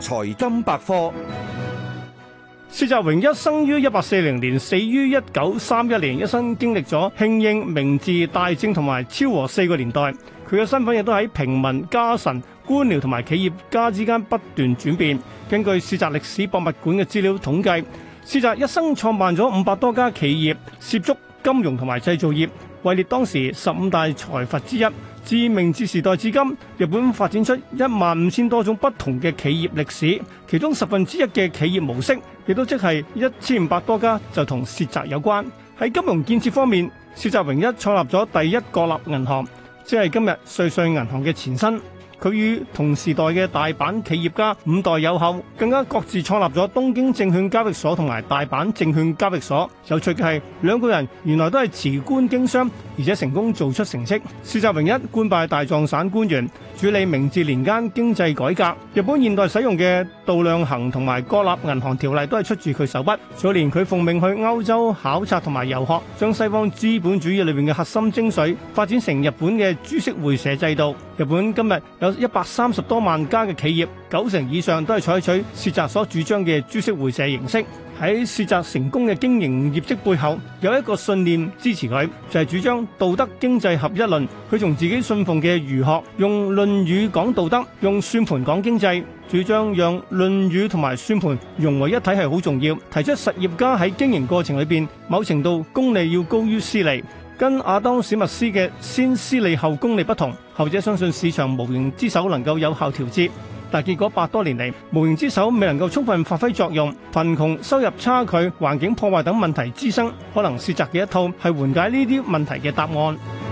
財金百科，澀澤榮一生於一八四零年，死於一九三一年。一生經歷咗慶應、明治、大正同埋昭和四個年代。佢嘅身份亦都喺平民、家臣、官僚同埋企業家之間不斷轉變。根據澀澤歷史博物館嘅資料統計，澀澤一生創辦咗五百多家企業，涉足，金融同埋製造業，位列當時十五大財閥之一。自明治時代至今，日本發展出一萬五千多種不同嘅企業歷史，其中十分之一嘅企業模式，亦都即係一千五百多家就同澀澤有關。喺金融建設方面，澀澤榮一創立咗第一國立銀行，即係今日瑞穗銀行嘅前身。佢與同時代嘅大阪企業家五代友厚更加各自創立咗東京證券交易所同埋大阪證券交易所。有趣嘅係兩個人原來都係辭官經商，而且成功做出成績。澀澤榮一官拜大藏省官員，主理明治年間經濟改革。日本現代使用嘅度量衡同埋國立銀行條例都係出自佢手筆。早年佢奉命去歐洲考察同埋遊學，將西方資本主義裏面嘅核心精髓發展成日本嘅株式會社制度。日本今日有一百三十多萬家嘅企業，九成以上都係採取澀澤所主張嘅株式會社形式。喺澀澤成功嘅經營業績背後，有一個信念支持佢，就係、是、主張道德經濟合一論。佢從自己信奉嘅儒學，用《論語》講道德，用算盤講經濟，主張讓《論語》同埋算盤融為一體係好重要。提出實業家喺經營過程裏邊，某程度功利要高於私利。跟亞當史密斯嘅先私利後公利不同，後者相信市場無形之手能夠有效調節，但結果百多年嚟，無形之手未能夠充分發揮作用，貧窮收入差距、環境破壞等問題滋生，可能澀澤嘅一套係緩解呢啲問題嘅答案。